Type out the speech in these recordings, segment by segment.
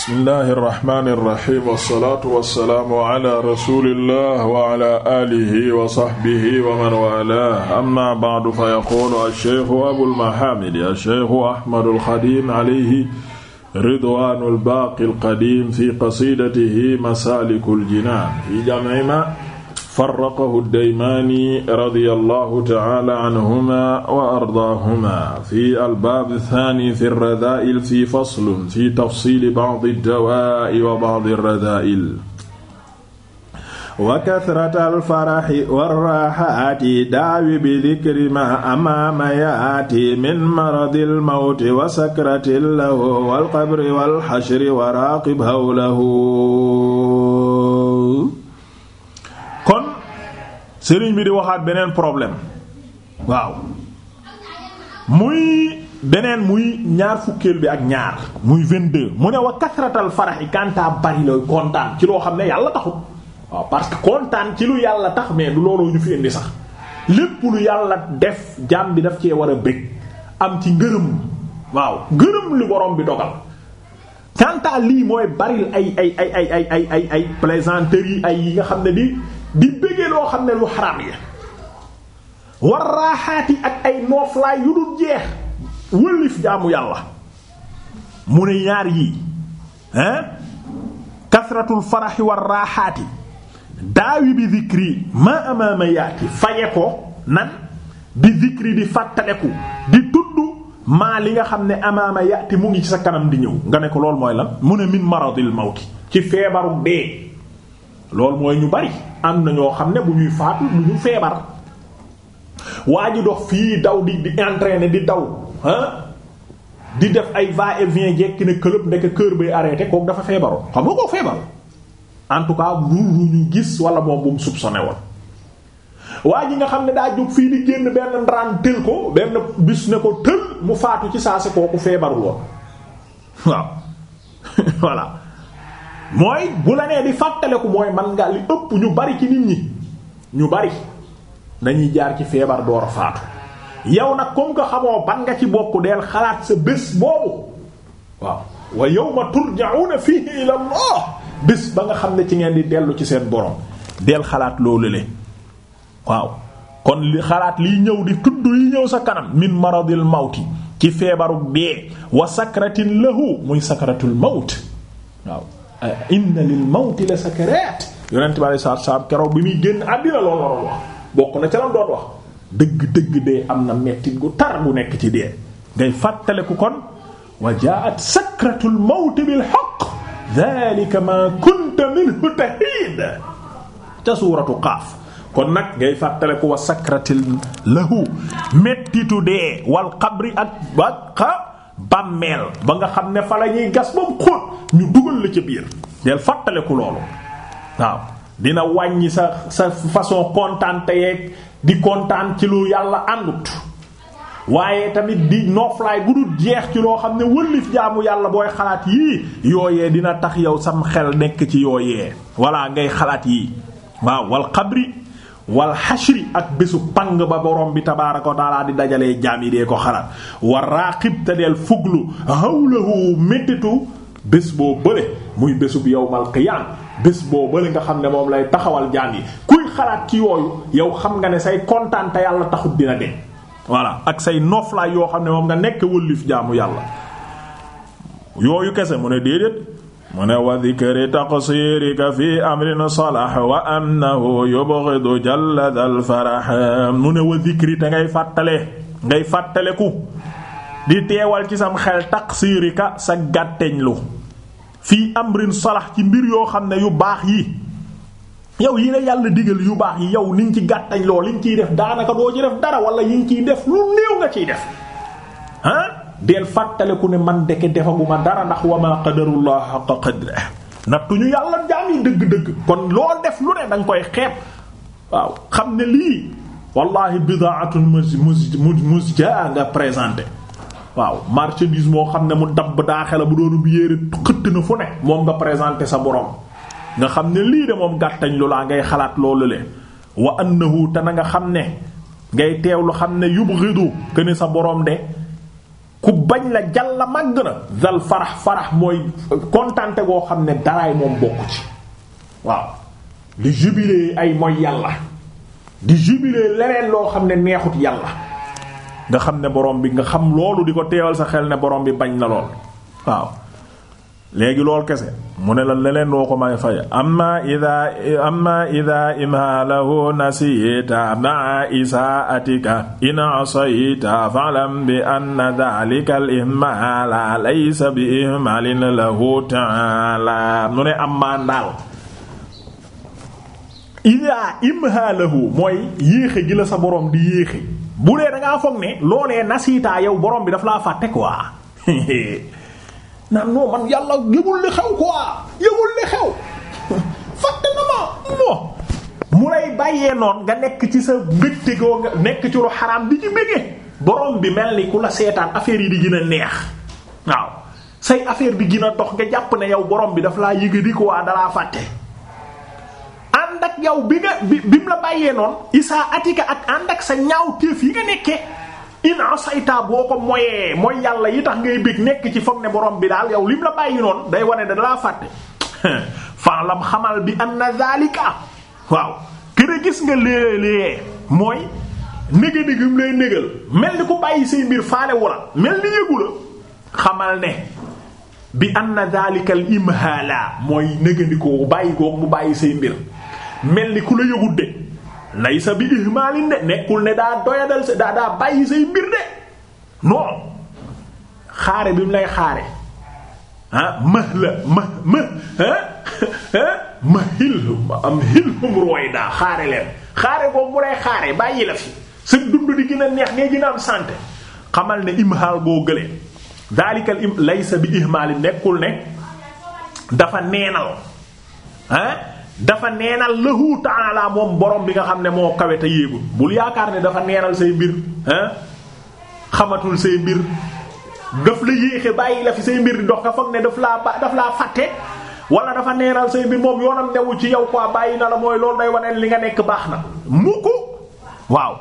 bismillahi irrahmani irrahim wassalaatu wassalaamu ala rasulillah wa ala alihi wa sahbihi wa man walah amma ba'du fa yaqulu alcheikhu abulmahamidi alcheikhu ahmadu alxadim alayhi ridwanu albaqi alqadim fi qasidatihi masaliku aljinan fi jam'i ma farraqahu daymaani radiyallahu ta'ala anhuma wa ardaahuma fi albaab thaani fi radaa'il fi faslun fi tafsiili ba'di dawaa'i wa ba'di radaa'il wa kasratal faraxi warraaxaati daawi bi dikri ma amaama yaati min maradil mawti wa sakratin lahu wal qabri wal xashri wa raaqib hawlahu sëriñ bi di waxaat beneen problème waaw muy beneen muy ñaar fukkeel bi ak ñaar muy 22 mu ne wa kasratal faraxi kanta bari looy kontaan ci loo xam ne yàlla taxut waaw parce que kontaan ci lu yàlla tax mais du looloo ñu fi indi sax lépp lu yàlla def jaam bi daf cee war a bëgg am ci ngërëm waaw ngërëm li borom bi dogal kanta lii mooy baril ay ay ay ay ay ay ay plaisanterie ay yi nga xam ne di di bëggee loo xam ne lu xaraam ya war raaxaati ak ay nooflaay yu dul jeex wëllif jaamu yàlla mu ne ñaar yii hein kasratul faraxi war raaxaati daawi bi zikri ma amaama yaati faye di fàttaleku di tudd maa li nga xam ne amaama yaati mu ngi ci sa kanam di ñëw nga ne ko loolu mooy lan mu ne min maradil mawti ci feebaru dee loolu mooy ñu bari am na ñoo xam ne bu ñuy faatu bu ñu feebar waa ji dox fii daw di di entraîner di daw di def ay va et vient jekki ne këlëb ndeke kër bay arrêté kooku dafa feebaroon xam nga koo feebar en tout cas lu ñu gis wala moom bu mu soupçonné woon waa ji nga xam ne daa jóg fii di génn benn ndaraan tël ko benn bis ne ko tël mu faatu ci saa si kooku feebarul waaw voilà mooy bu la nee di fàttaleku mooy man nga li ëpp ñu bari ci nit ñi ñu bari dañuy jaar ci feebar door a faatu yow nag comme que xamoo ban nga ci bokk del xalaat sa bés boobu waaw wa yawma turja'una fihi ila Allah bés ba nga xam ne ci ngeen di dellu ci seen borom deel xalaat loo le waaw kon li xalaat liy ñëw di tudd yi ñëw sa kanam min maradil mawti ci feebaru dee wa sakratin lahu muy sakratul mawt waaw inna lil mawti la sakaraat yonent bi alayhi salaatu salaam keroog bi muy génn àddina loolu waroon wax bokk na ca lan doon wax dëgg dëgg dee am na mettit gu tar bu nekk ci dee ngay fàttaleku kon wa jaa'at sakratul mawti bil haqq dhalika ma kunta minhu tahiid ca suuratu qaaf kon nag ngay fàttaleku wa sakratil lahu mettitu dee wal qabri ak ak bàmmeel ba nga xam ne fa la ñuy gas ba mu xóot ñu dugal la ca biir del fàttaleku loolu waaw dina wàññi sa sa façon kontaan yeeg di kontaan ci lu yàlla àndut waaye tamit di nooflaay bu dul jeex ci loo xam ne wëllif jaamu yàlla booy xalaat yii yooyee dina tax yow sam xel nekk ci yooyee voilà ngay xalaat yii waaw wal wal xashri ak bésu pang ba borom bi tabaaraka wa taala di dajale jaam yi dee ko xalaat wa raaqib te deel fuglu hawlahu méttitu bés boo bële muy bésub yowmal qiyaam bés boo bële nga xam ne moom lay taxawal jaam yi kuy xalaat ci yooyu yow xam nga ne say kontaan te yàlla taxut dina de voilà ak say noflaay yoo xam ne moom nga nekk wëllif jaamu yàlla yooyu kese mu ne déedéet mu ne wa dikri taqsirika fi amrin salah wa annahu yubghidu jalla dal farah mu ne wa dikri te ngay fàttale ngay fàttale fàttaleku di teewal ci sam xel taqsirika sa gàtteñlu fii amrin salah ci mbir yoo xam ne yu baax yi yow yii la yàlla digal yu baax yi yow niñ ci gàtteñloo liñ ciy def daanaka doo ci def dara walla yiñ ciy def lu néew nga ciy def ah deel fàttaleku ne man deke defaguma dara ndax wa ma qadarullah haqqa qadri nattuñu yàlla jaam yi dëgg-dëgg kon loo def lu ne da nga koy xeeb waaw xam ne lii wallahi bidaatun mus mus musja nga présenté waaw marchandise moo xam ne mu dabb daaxe la bu doonu bu yéere xëtt na fu ne moom nga présenté sa borom nga xam ne lii de moom gàttañ lu laa ngay xalaat loolu le wa annahu te na nga xam ne ngay teewlu xam ne yubghidu ne sa borom de ku bañ la jàlla màgg na zal farax farax mooy kontante goo xam ne daraay moom bokku ci waaw di jubilee ay mooy yàlla di jubilee leneen loo xam ne neexut yàlla nga xam ne borom bi nga xam loolu di ko teewal sa xel ne borom bi bañ na lool waaw léegi lool kese mu ne la leneen doo ko may faye amma ida amma ida imhalahu nasiyita maa isaatika in asayita fa'lam bi anna dhalika al ihmala laysa bi ihmalin lahu ta'ala mu ne amma ndaal ida imhalahu mooy yéexe gi sa borom di yéexe bu dee da ngaa ne loolee nasiitaa yow borom bi daf laa fàtte quoi naan non man yàlla yëgul li xew quoi yëgul li xew fàtte na ma mu lay bàyyee noonu nga nekk ci sa mbégte goo nga nekk ci lu xaraam di ci béggee borom bi mel ni ku la seetaan affaire yi di gën a neex waaw say affaire bi gën a dox nga jàpp ne yow borom bi daf laa yëg di ko waa dalaa fàtte. ànd ak yow bi nga bi bi mu la bàyyee noonu isaa atika ak ànd ak sa ñaaw téef yi nga nekkee. boo ko moyee mooy yàlla yi tax ngay bég nekk ci foog ne borom bi daal yow lim la bàyyi day wane da dalaa xamal bi anna zalika waaw kër gis nga mooy néga mel ni ku bàyyi say mbir faale wala mel ni ne bi anna dhalika imhala mooy négandikoo bàyyi goog mu bàyyi say mbir mel ni ku la yëgut de laysa bi ihmalin de nekkul ne daa doyadal sa daa daa bàyyi say mbir de non xaare bi mu lay xaare ah mah la ma ma ma am xilhum rooy daa xaare leen xaare boobu mu lay xaare bàyyi la fi sa dund di gën a neex ngay gën a am santé xamal ne imhaal boo gëlee daalikal im laysa bi ihmaali nekkul ne dafa neenal ah dafa neenal lahu ta'ala moom borom bi nga xam ne moo kawe te yéegul bul yaakaar ne dafa neenal say mbir xamatul say mbir daf la yéexe bàyyi la fi say mbir di dox nga foog ne daf laa daf laa fàtte wala dafa neenal say mbir moom yoonam newu ci yow ko bàyyi na la mooy loolu day waneen li nga nekk baax na mukk waaw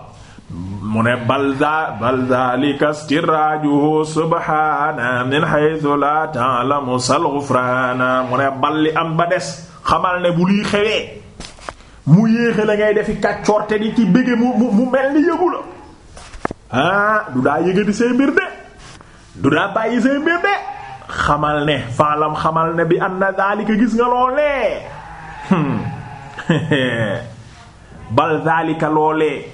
mu ne bal za bal zalika stirajuhu subhana min haythu li am ba des xamal ne bu luy xewee mu yéexe la ngay defi kàccoorte di ci bëgge mu mu mel ni yëgu la ah du daa yëgadi say mbir de du daa bàyyi say mbir de xamal ne faalam xamal ne bi anna daalika gis nga loolee hmm. bal daalika loolee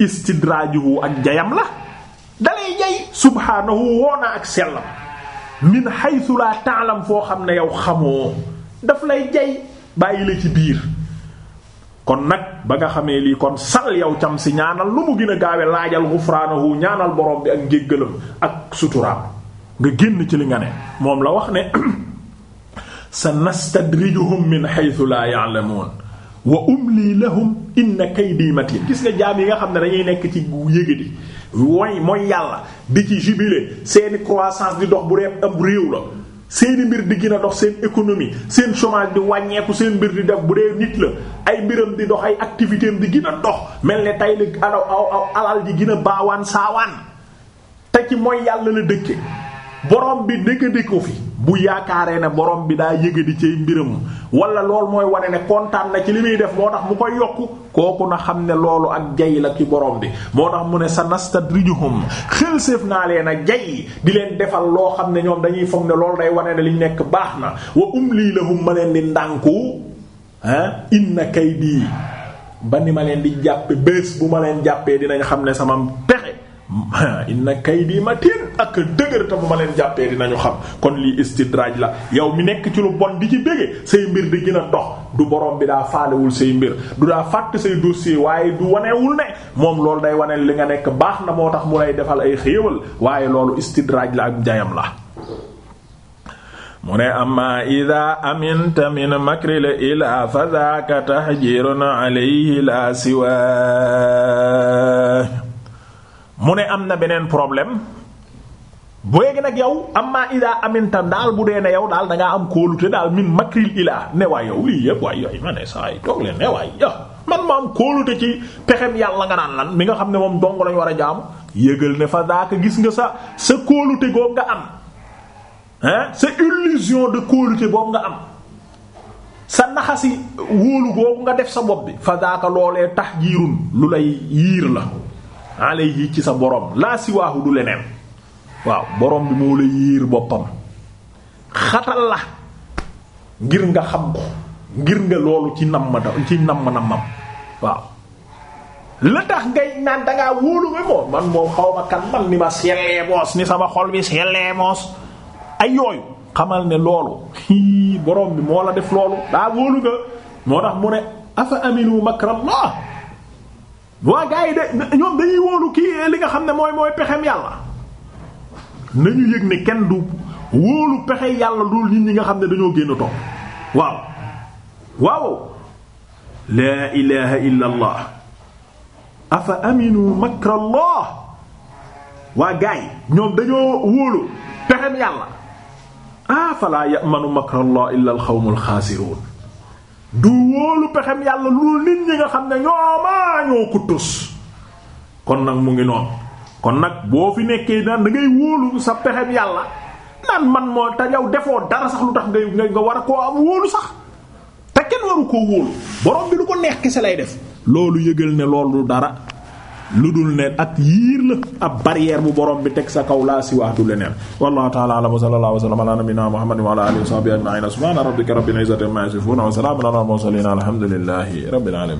istidraajuhu ak jayam la dalay jay subhaanahu woona ak sellam min haythu taalam foo xam ne yow xamoo daf lay jay bàyyi la ci biir kon nag ba nga xamee lii kon sal yow cam si ñaanal lu mu gën a gaawe laajal gufraanahu ñaanal borom bi ak njéggalam ak suturaam nga génn ci li nga ne moom la wax ne sa nastadrijuhum min haythu la ya'lamun wa umli lahum inna kaydi matin gis nga jaam yi nga xam ne dañuy nekk ci yégadi mooy mooy yàlla di ci jubilé seeni croissance di dox bu dee am réew la seeni mbir di gina a dox seen économie seen chômage di wàññeeku seen mbir di def bu dee nit la ay mbiram di dox ay activité di gën a dox mel ne tey la alaw aw alal ji gën a baawaan saawaan te ci mooy yàlla la dëkke borom bi dëgg ko fi bu yaakaaree ne borom bi daa di cay mbiram wala lool mooy wane ne kontaan na ci li muy def moo tax mu koy yokku kooku na xam ne loolu ak jay la ci borom bi moo tax mu ne sa nasta nastadrijuhum xëlséef naa leen a jay di leen defal loo xam ne ñoom dañuy foog ne loolu day wane ne ñu nekk baax na um lii la lahum ma leen di ndànku ah inna kaydi ba ni ma leen di jàppe bés bu ma leen jàppee dinañ xam ne sama inna kaydi matin ak dëgër te bu ma leen jàppee dinañu xam kon lii istidraaj la yow mi nekk ci lu bon di ci bége say mbir di gën a dox du boroom bi daa faalewul say mbir du daa fàtt say dossier waaye du wanewul ne moom loolu day wane li nga nekk baax na moo tax mu lay defal ay xéewal waaye loolu istidraaj la ak jayam la mu ne amma ida aminta min makril ila fa daaka tahjirun alayhi la siwa mu ne am na beneen problème bu léegi nag yow amma ida aminta daal bu dee ne yow daal da am kóolute daal min makril ilaa ne waay yow lii yëpp waay yooyu ma ne saa yi toog leen ne waay ah, man ma am kóolute ci pexem yàlla nga naan lan mi nga xam ne moom dong lañ war a jaamu yëgal ne fa daaka gis nga sa sa kóolute boobu nga am hein sa illusion de kóolute boobu nga am sa naxasi wóolu boobu nga def sa bopp bi fa daaka loolee tax jiirun lu lay yiir la alayhi ci sa boroom laa siwaahu du leneen waaw borom bi moo la yiir boppam xatal la ngir nga xam ko ngir nga loolu ci nam ma ci nam ma namam waaw la tax ngay naan dangaa wóolu ma moom man moom xaw ma kan man ni ma sellee moos ni sama xol bi sellee moos ay yooyu xamal ne loolu borom bi moo la def loolu daa wóolu nga moo tax mu ne afa aminu makrallah waa gars yi de ñoom dañuy wóolu kii li nga xam ne mooy mooy pexem yàlla nañu yég ne kenn du wóolu pexe yàlla loolu nit ñi nga xam ne dañoo génn toog waaw waaw laa ilaha illa allah afa aminu makra ñoom dañoo wóolu pexem yàlla ah falaa ya'manu makra allah illa nit ñi nga xam ne ñooma gaañoo ko tos kon nag mu ngi noonu kon nag boo fi nekkee daan da ngay wóolu sa pexem yàlla naan man moo te yow defoo dara sax lu tax ngay nga war a koo am wóolu sax te kenn waru koo wóolu borom bi lu ko neex kese lay def loolu yëgal ne loolu dara lu dul ne ak yiir la ab barrière bu borom bi teg sa kaw laa si wax du leneen wallahu ta'ala a'lam wa sallallahu wa sallam ala nabiyyina muhammadin wa alhamdulillahi rabbil alamin